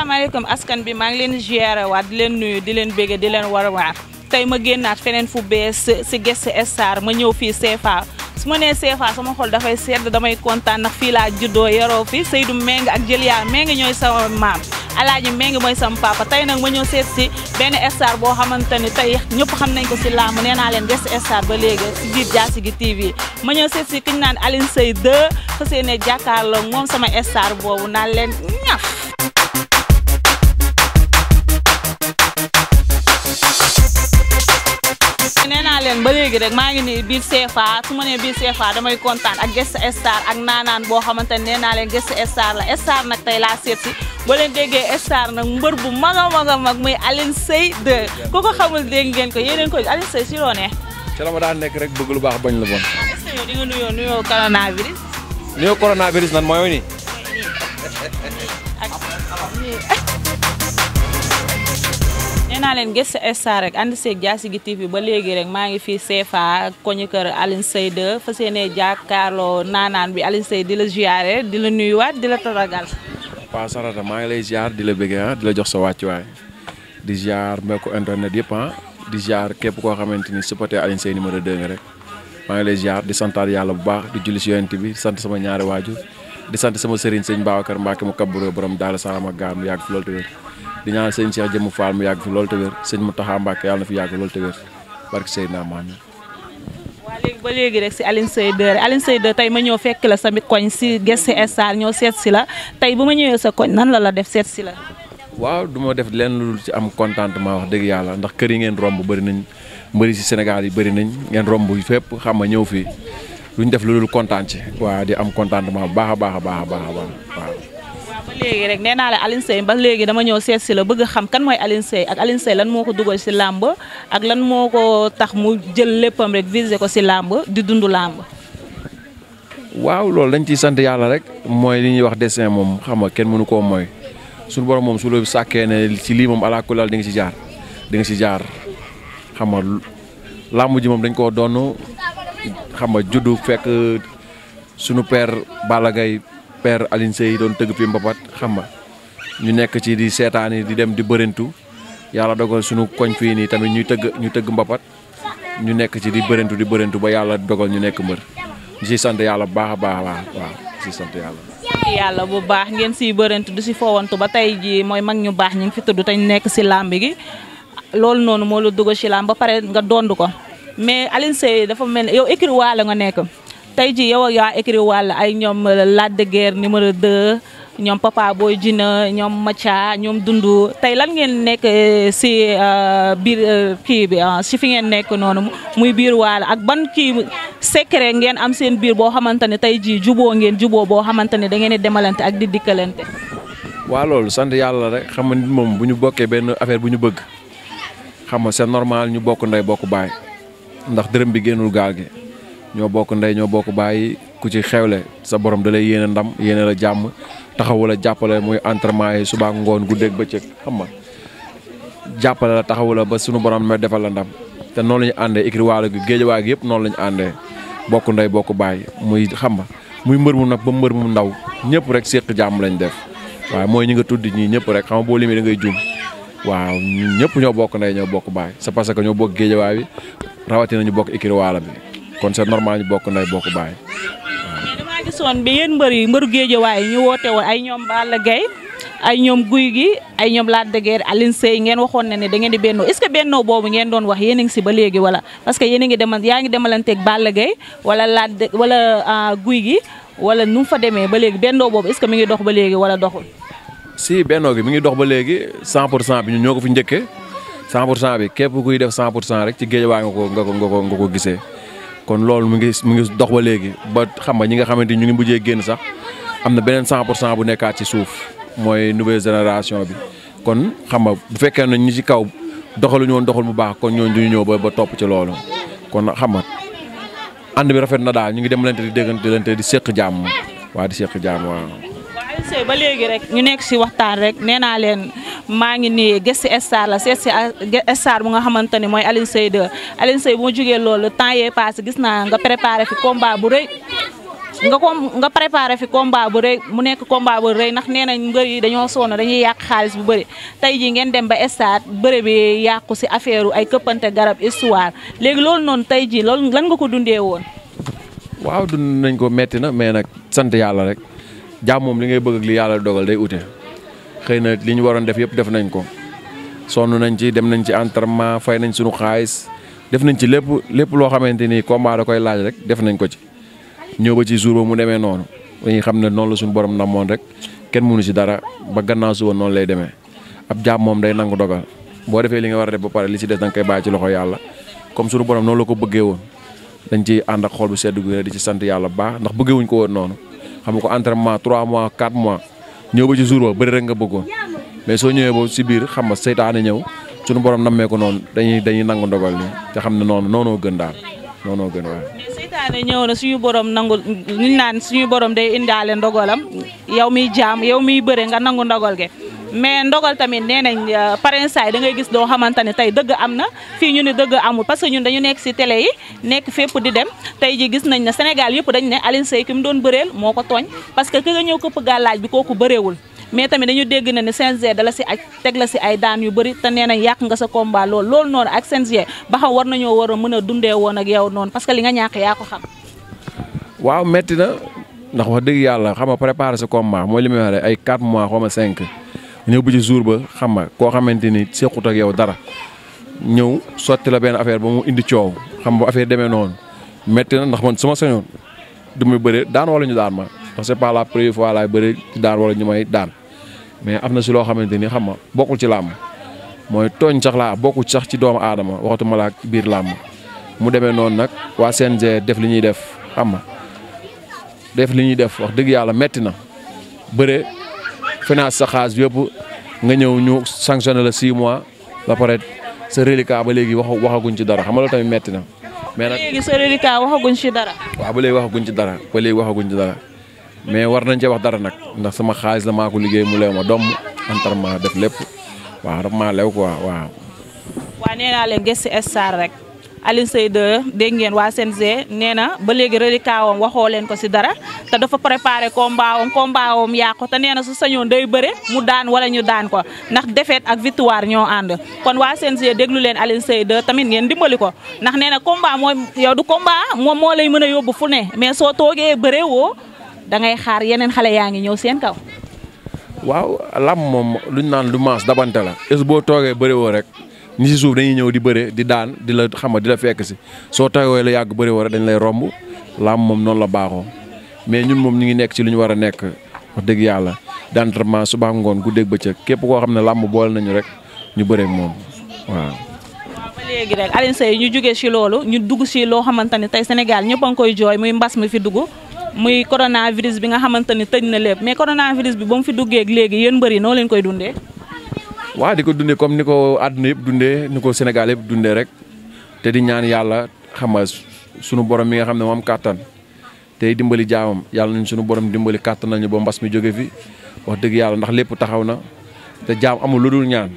asalaamaaleykum askan bi maa ngi leen ziyaare waat di leen nuyu di leen bége di leen war waar tey ma génnaat feneen fu bees si Guest Star ma ñëw fii CFA su ma nee CFA sama xol dafay sedd damay kontaan ndax fii laa juddoo yaroo fi Seydou Meng ak Jëliya ngi ñëw sama maam alaaji Meng mooy sama papa tey nag ma ñëw seet si benn star boo xamante ni tey ñëpp xam nañ ko si laamu nee naa leen Guest Star ba léegi si biir Diassigui TV ma ñëw seet si ki ñu naan Alioune Seye 2 fa moom sama star boobu naan leen leen ba léegi rek maa ngi nii biir CFA su ma nee biir CFA damay kontaan ak guest star ak naanaan boo xamante ne nee naa leen guest star la star nag tey laa seet si boo leen déggee star nag mbër bu mag a mag a mag muy Alioune Seye 2 ku ko xamul dégg ngeen ko yéeneen ko Alioune Seye si loo ne. ci la ma daan nekk rek bëgg lu baax bañ la bon. Alioune Seye yow di nga nuyoo nuyoo coronavirus. nuyoo coronavirus nan mooy ni. naa len gëstu star rek and ànd seeg gi TV ba legui rek ma ngi fi CFA koñu keur aline seyde fassene jakarlo yéene bi aline Seye di la ziare di la nuyuwaat di la taragal. pa Sarata ma ngi lay ziar di la bëggee ah di la jox sa waccu way di ziar mbokku internet yep ha ah, di ziar kep ko xamanteni supporté aline Alioune numéro 2 rek ma ngi lay ziar di santaat yalla bu baax di julli si yonent bi sant sama ñaari waju di sant sama serigne seigne babakar mbake mu kabburoo borom daal salaam gam yaak yàgg di ñaan seigne Cheikh jëm faal mu yàgg fi loolu te wér sëñ Mountakha Mbacké yàlla na fi yàgg loolu te wér barke Seydina Mohamed waaw léegi ba léegi rek si Aline Seye Deur Aline Seye Deur tay ma ñëw fekk la samit koñ si Guest Star ñëw seet si la tey bu ma ñëwee sa koñ nan la la def seet si la waaw du def lenn lu ci am contentement wax dëgg yàlla ndax kër yi ngeen romb bëri nañ mbëri si Sénégal yi bëri nañ ngeen romb fépp xam nga ñëw fii luñ def lu dul contente waaw di am contentement bu baax a baax a baax léegi rek nee naa la Alioune Seye ba léegi dama ñëw seet si la bëgg xam kan mooy Alioune Seye ak Alioune lan moo ko dugal si làmb ak lan moo ko tax mu jël léppam rek visé ko si làmb di dund làmb. waaw loolu dañ ciy sant yàlla rek mooy li ñuy wax dessin moom xam nga kenn mënu koo mooy suñu borom moom su la sàkkee ne ci lii moom alaakulal di nga si jaar di nga si jaar xam nga làmb ji moom dañ koo doon xam nga juddu fekk sunu per Balla Gaye père Alioune Seye doon tëgg fi mbapat xam ñu nekk ci di seetaani di dem di bërintu yàlla dogal suñu koñ fii nii tamit ñuy tëgg ñu tëgg mbapat ñu nekk ci di bërintu di bërintu ba yàlla dogal ñu nekk mbër ñu siy sant yàlla bu baax a baax waaw waaw si sant yàlla. yàlla bu baax ngeen siy bërintu di si fowantu ba tey jii mooy mag ñu baax ñu ngi fi tudd te ñu nekk si làmb gi loolu noonu moo la dugg si làmb ba pare nga dond ko mais Alioune Seye dafa mel ne yow écrit waa la nga nekk. tey ji yow ak yaa écrit wàll ay ñoom Lac de Guiers numéro 2 ñoom Papa Boy Djiné ñoom Macha ñoom Dundu tey lan ngeen nekk euh, si euh, biir euh, kii bi ah, si fi ngeen nekk noonu muy biir waalo ak ban kii secret ngeen am seen biir boo xamante ne tey jii juboo ngeen juboo boo xamante ne da ngeen demalante ak di dikkalante. waa loolu sant yàlla rek xam nit moom bu ñu bokkee benn affaire bu ñu bëgg xam nga c'est normal ñu bokk ndey bokk baay ndax dërëm bi génnul gaal gi. ñoo bokk ndey ñoo bokk bàyyi ku ci xewle sa borom dalay lay yéene ndam yéene la jàmm taxawu la jàppale muy entraînement yi suba ngoon guddeeg bëccëg xam nga jàppale la taxawu la ba sunu borom ma defal la ndam te noonu la ñu àndee écrit waalo gi géej waag yëpp noonu la ñu àndee bokk ndey bokk bàyyi muy xam nga muy mbër mu nag ba mbër mu ndaw ñëpp rek séq jàmm lañ def waaw mooy ñi nga tudd ñii ñëpp rek xam nga boo limee da ngay juum waaw ñëpp ñoo bokk ndey ñoo bokk bàyyi c'est parce que ñoo bokk géejawaay bi rawatina bokk écrit waalo bi kon c'est normal ñu bokk nday bokk baay. damaa gisoon bi yéen mbër yi mbëru géejawaay ñu woote woon ay ñoom Balla Gaye ay ñoom guy gi ay ñoom Lac degee Guiers Alioune ngeen waxoon na ne da ngeen di bennoo est bennoo boobu ngeen doon wax yéen ngi si ba léegi wala parce que yéen a ngi demal yaa ngi demalanteeg Balla Gaye wala Lac wala euh, guy gi wala nu mu fa demee ba léegi bennoo boobu est-ce mi ngi dox ba léegi wala doxul. si bennoo gi mi ngi dox ba léegi 100 pour cent bi ñu ñoo ko fu njëkkee san pour cent bi képp kuy def 100 pour cent rek ci géej waa nga ko nga ko nga ko gisee. kon loolu mu ngi mu ngi dox ba léegi ba xam nga ñi nga xamante ñu ngi mujjee génn sax am na beneen 100 pour cent bu nekkaat ci suuf mooy nouvelle génération bi kon xam nga bu fekkee ne ñu ci kaw doxaluñu woon doxul bu baax kon ñooñu duñu ñëw ba ba topp ci loolu kon xam nga ànd bi rafet na daal ñu ngi dem lente di déggante lente di séq jàmm waa di séq jàmm waaw. waaye ba léegi rek ñu nekk ci waxtaan rek nee leen maa ngi nii gëstu star la seet si star bu nga xamante ni mooy Alioune Seye 2 Alioune Seye bu ma jógee loolu temps yee passé gis naa nga préparé fi combat bu rëy nga ko nga préparé fi combat bu rëy mu nekk combat bu rëy ndax nee nañ mbër yi dañoo sonn dañuy yàq xaalis bu bëri tey jii ngeen dem ba stade bëre bi yàqu si affaire ay këppante garab histoire léegi loolu noonu tey jii loolu lan nga ko dundee woon. waaw dund nañ ko metti na mais nag sant yàlla rek jàmm moom li ngay bëgg yàlla dogal day ute. xëy na li ñu waroon def yëpp def nañ ko sonn nañ ci dem nañ ci entraînement fay nañ sunu xaalis def nañ ci lépp lépp loo xamante ni combat da koy laaj rek def nañ ko ci ñëw ba ci jour ba mu demee noonu dañuy xam ne noonu la suñu borom namoon rek kenn mënu ci dara ba gannaaw woon noonu lay demee ab jaam moom day nangu dogal boo defee li nga war a def ba pare li ci des da nga koy bàyyi ci loxo yàlla comme suñu borom noonu la ko bëggee woon dañ ci ànd ak xol sedd gu di ci sant yàlla bu ndax bëggee ko woon noonu xam ko entraînement 3 mois 4 mois ñëw ba ci jour ba bëri rek nga bëggoon mais soo ñëwee boobu si biir xam nga seytaane ñëw suñu borom nammeeku ko noonu dañuy dañuy nangu ndogal ni te xam ne noonu noonoo gën daal noonoo gën waaw. seytaane ñëw na suñu borom nangu ñu naan suñu borom day indaale ndogalam yow miy jaam yow miy bëre nga nangu ndogal ge. mais ndogal tamit nee nañ euh, parents yi da gis doo xamante ne tey dëgg am na fii ñu ne dëgg amul parce que ñun dañu nekk si télé yi nekk fépp di dem tey ji gis nañ ne Sénégal yëpp dañ ne Alioune ki mu doon bëreel moo ko tooñ parce que ki nga ñëw këpp gàllaaj bi kooku bëreewul mais tamit dañu dégg na ne CNG dala si aj teg la si ay daan yu bëri te nee nañ yàq nga sa combat lool loolu noonu ak CNG ba xam war nañoo war a mën a dundee woon ak yow noonu parce que li nga ñàkk yaa ko xam waaw métti ndax wax dëgg yàlla xam nga préparer sa combat li may wax ay 4 mois xaw ma ñëw bi ci jour ba xam nga koo xamante ni sequt ak yow dara ñëw sotti la benn affaire ba mu indi coow xam ba affaire demee noonu métti na ndax man su ma sañoon du muy bëre daan wala ñu daan ma ndax c'est pas la première fois laay bëre ci daan wala ñu may daan mais am na si loo xamante ni xam nga bokkul ci làmb mooy tooñ sax laa bokkul sax ci doomu aadama waxtu malaak biir làmb mu demee noonu nag waa CNG def li ñuy def xam nga def li ñuy def wax dëgg yàlla metti na finance sa xaas yëpp nga ñëw ñu sanctionné la 6 mois ba pare sa reliquat ba léegi wax waxaguñ ci dara xam nga loolu tamit metti na. mais nag léegi sa reliquat waxaguñ ci dara. waaw ba léegi waxaguñ ci dara ba léegi waxaguñ ci dara mais war nañ cee wax dara nag ndax sama xaalis la maa ko liggéey mu lew ma doom entraînement def lépp waaw daf maa lew quoi waaw. waa nee naa leen gëstu star rek. Alioune Seye 2 dégg ngeen waa CNG nee na ba léegi reliquat wam waxoo leen ko si dara te dafa préparé combat wam combat wam yàqu te nee na su sañoon day bëre mu daan wala ñu daan ko ndax defet ak victoire ñoo ànd kon waa CNG déglu leen Alioune Seye tamit ngeen dimbali ko ndax nee na combat mooy yow du combat moom moo lay mën a yóbbu fu ne mais soo toogee bëre woo da ngay xaar yeneen xale yaa ngi ñëw seen kaw. waaw lam moom ñu naan lu maas dabante la. boo toogee bëre rek. ni ci souf dañuy ñëw di dan di daan di la xam di la fekk si so tawee la yag bëré wara dañ lay rombu lam mom non la baxo mais ñun mom ñi ngi nekk ci luñu wara nekk wax deug yalla d'entraînement suba ngoon guddeeg bëccëg képp koo xam ne làmb boole nañu rek ñu bëré mom waaw. légi rek aline sey ñu jógee ci lolu ñu dugg ci lo xamante tay Sénégal ñëpp ang koy joy muy mbas mi fi dugg muy coronavirus bi nga xamante tejna lepp mais coronavirus bi ba mu fi ak légui yeen bari no leen koy dundé waaw di ko dundee comme ni ko àdduna yëpp dundee ni ko Sénégal yëpp dundee rek te di ñaan yàlla xam sunu borom mi nga xam ne moom kàttan tey dimbali jaamam yàlla nañ sunu borom dimbali kàttan nañu ba mbas mi jóge fi wax dëgg yàlla ndax lépp taxaw na te jaam amul lu dul ñaan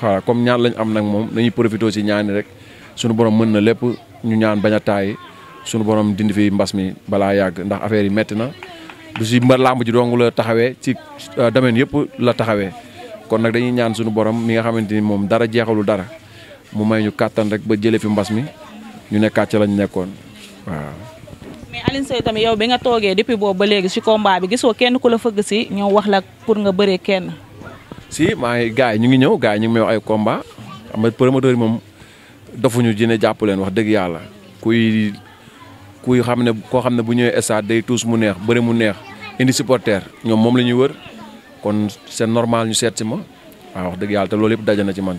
waaw comme ñaan lañ am nag moom nañuy profité si ñaani rek sunu borom mën na lépp ñu ñaan bañ a taay sunu borom dindi fi mbas mi balaa yàgg ndax affaire yi metti na du si mba làmb ji dong la taxawee ci euh, domaine yëpp la taxawee. kon nak dañuy ñaan suñu borom mi nga xamanteni mom dara jéxalu dara mu may ñu katan rek ba jëlé fi mbass mi ñu nekkaat ca lañ nekkoon waaw. mais aline sey tamit yow bi nga toogee depuis bo ba légui si combat bi gisoo kenn ku la fëgg ci ñoo wax la pour nga bëré kenn. si ma ngi gars ñu ngi ñëw gaay ñu ngi may wax ay combat am promoteur mom dofuñu jine japp leen wax dëgg yalla kuy kuy xamne ko xamne bu ñëwé stade day tous mu neex bëré mu neex indi supporter ñom mom lañuy wër kon sen normal ñu sét ci ma waaw wax dëgg yàlla te loolu yëpp daje na ci man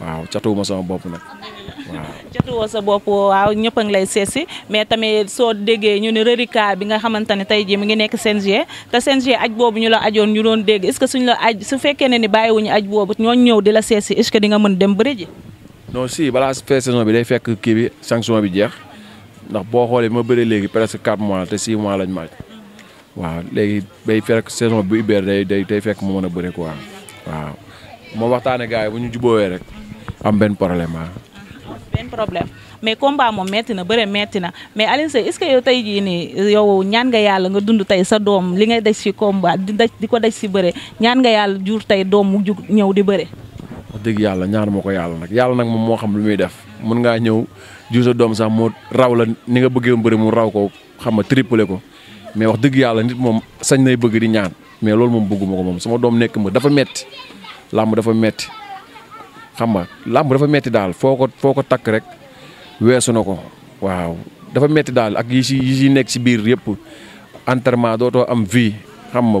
waaw catuwuma sama bopp nag waaw. catuwoo sa bopp waaw ñëpp a ngi lay seet mais tamit soo déggee ñu ne reliquat bi nga xamante ne tey jii mu ngi nekk CNG te CNG aj boobu ñu la ajoon ñu doon dégg est ce que suñ la aj su fekkee ne ni bàyyiwuñu aj boobu ñoo ñëw di la seet est ce que di nga mën dem bëri ji. non si balaa fee saison bi day fekk kii bi sanction bi jeex ndax boo xoolee ma bëri léegi presque 4 mois te 6 mois lañ maaj. waaw léegi day fekk saison bu ubbee day day fekk mu mën a bëre quoi waaw moo waxtaanee gars yi bu ñu jubóowee rek am benn problème ah. benn problème mais combat moom metti na bëre metti na mais Alioune Seye est-ce que yow tey jii nii yow ñaan nga yàlla nga dund tey sa doom li ngay daj si combat di daj di ko daj si bëre ñaan nga yàlla jur tey doom mu jug ñëw di bëre. wax dëgg yàlla ñaan ma ko yàlla nag yàlla nag moom moo xam lu muy def mën ngaa ñëw jur sa doom sax mu raw la ni nga bëggee woon mu raw ko xam nga triplé ko. mais wax deug yalla nit mom sañ nay bëgg di ñaan mais loolu mom bëgguma ko mom sama doom nekk ma dafa metti lamb dafa metti xam nga lamb dafa metti dal foko foko tak rek wessu nako waaw dafa metti dal ak yi si yi si nekk si biir yépp entraînement doto am vie xam nga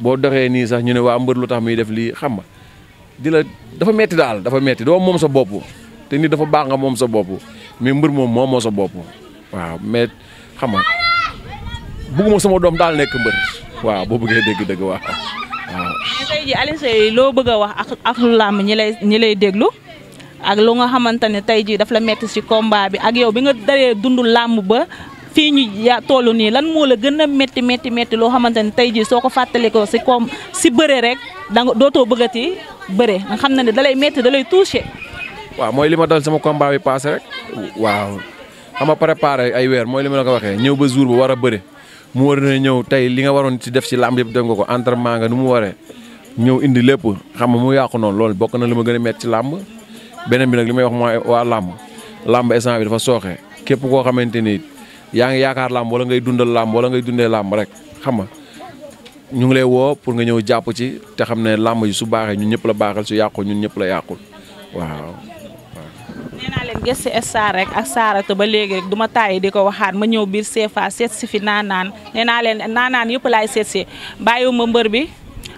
bo doxé ni sax ñu né wa mbeur lutax tax muy def li xam nga dila dafa metti dal dafa metti do mom sa bop te ni dafa baax nga mom sa bop mais mbeur mom moo moo sa bop waaw met xam nga bëgguma suma doom daal nekk mbër waaw boo bëggee dégg-dégg waaw waaw. tey jii Alioune Seye loo bëgg a wax ak lu làmb ñi lay ñi lay déglu ak lu nga xamante ne tey jii daf la metti ci combat bi ak yow bi nga daree dund làmb ba fii ñu ya toll nii lan moo la gën a métti métti métti loo xamante ne tey jii soo ko fàttalikoo ci koom ci bëre rek da nga dootoo bëggati bëre nga xam na ni dalay métti dalay touché. waaw mooy li ma dal sama combat bi passé rek. waaw xam nga préparé ay weer mooy li ma ko waxee ñëw ba jour bu war a bëre. mu war na ñëw tey li nga waroon ci def ci làmb yëpp def nga ko entraînement nga nu mu waree ñëw indi lépp xam nga mu yàqu noonu loolu bokk na li ma gën a métti ci làmb beneen bi nag li may wax mooy waa làmb làmb instant bi dafa sooxe képp koo xamante ni yaa ngi yaakaar làmb wala ngay dundal làmb wala ngay dundee làmb rek xam nga ñu ngi lay woo pour nga ñëw jàpp ci te xam ne làmb yi su baaxee ñu ñëpp la baaxal su yàqu ñun ñëpp la yàqul waaw. daan gëstu star rek ak saarata ba léegi rek du ma tàyyi di ko waxaat ma ñëw biir CFA seet si fi naanaan nee naa naanaan yëpp laay seet si bàyyiwuma mbër bi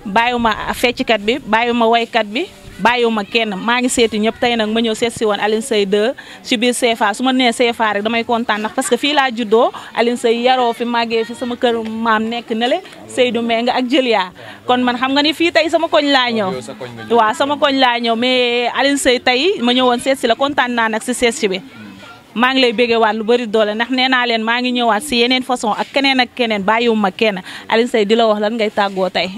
bàyyiwuma fecckat bi bàyyiwuma woykat bi bàyyiwuma kenn maa ngi seeti ñëpp tey nag ma ñëw seet si woon Alioune Seye 2 ci biir CFA su ma nee CFA rek damay kontaan ndax parce que fii laa juddoo Alioune Seye yaroo fi màggee fi sama kër maam nekk na le Seydou Mbengue ak Jëlia kon man xam nga ni fii tey sama koñ laa ñëw waaw sama koñ laa ñëw mais Alioune Seye tey ma ñëwoon seet si la kontaan naa nag si seet si bi maa ngi lay béggewaat lu bëri doole ndax nee naa leen maa ngi ñëwaat si yeneen façon ak keneen ak keneen bàyyiwuma kenn Alioune Seye di la wax lan ngay tàggoo tey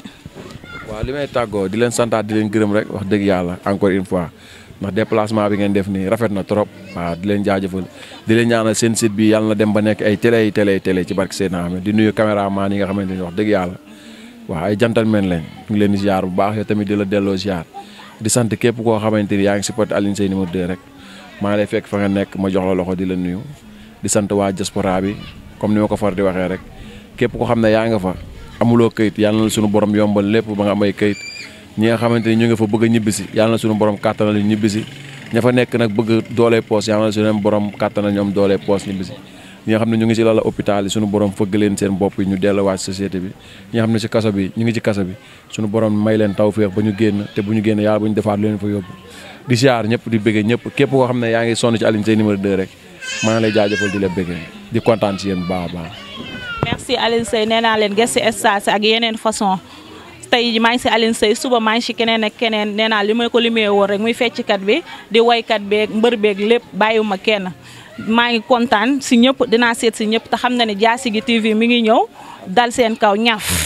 waaw li may tàggoo di leen santaat di leen gërëm rek wax dëgg yàlla encore une fois ndax déplacement bi ngeen def nii rafet na trop waaw di leen jaajëfal di leen ñaanal seen site bi yàlla dem ba nekk ay télé yi télé télé ci barke Seydina Ahmed di nuyu caméraman yi nga xamante ne wax dëgg yàlla waaw ay gentleman lañ ñu ngi leen di ziar bu baax yow tamit di la delloo ziar di sant képp koo xamante ni yaa ngi supporté Alioune Seye numéro 2 rek maa ngi lay fekk fa nga nekk ma jox la loxo di la nuyu di sant waa diaspora bi comme ni ma ko far di waxee rek képp ko xam ne yaa nga fa amuloo kayit yàlla na suñu borom yombal lépp ba nga am kayit ñi nga xamante ni ñu nga fa bëgg a ñibbisi yàlla na suñu borom kàttanal ñu ñibbisi ña fa nekk nag bëgg doole poos yàlla na suñu borom kàttanal ñoom doole poos ñibbisi nga xam ne ñu ngi ci lala hôpital yi suñu borom fëgg leen seen bopp yi ñu delluwaat société bi ñi nga xam ne ci kaso bi ñu ngi ci kaso bi suñu borom may leen tawféex ba ñu génn te bu ñu génn yàlla bu ñu defaat leen fa yóbbu di siyaar ñëpp di bëggee ñëpp képp koo xam ne yaa ngi sonn ci Alioune Seye numéro 2 rek maa ngi lay jaajëfal di la bëggee di kontaan a ndax si Alioune Seye nee naa leen gëstu stasi ak yeneen façon tey maa ngi si Alioune Seye suba maa ngi si keneen ak keneen nee naa li may ko limee woon rek muy fecc kat bi di woy kat beeg mbër beeg lépp bàyyiwuma kenn maa ngi kontaan si ñëpp dinaa seet si ñëpp te xam na ne Diassigui TV mi ngi ñëw dal seen kaw ñaaf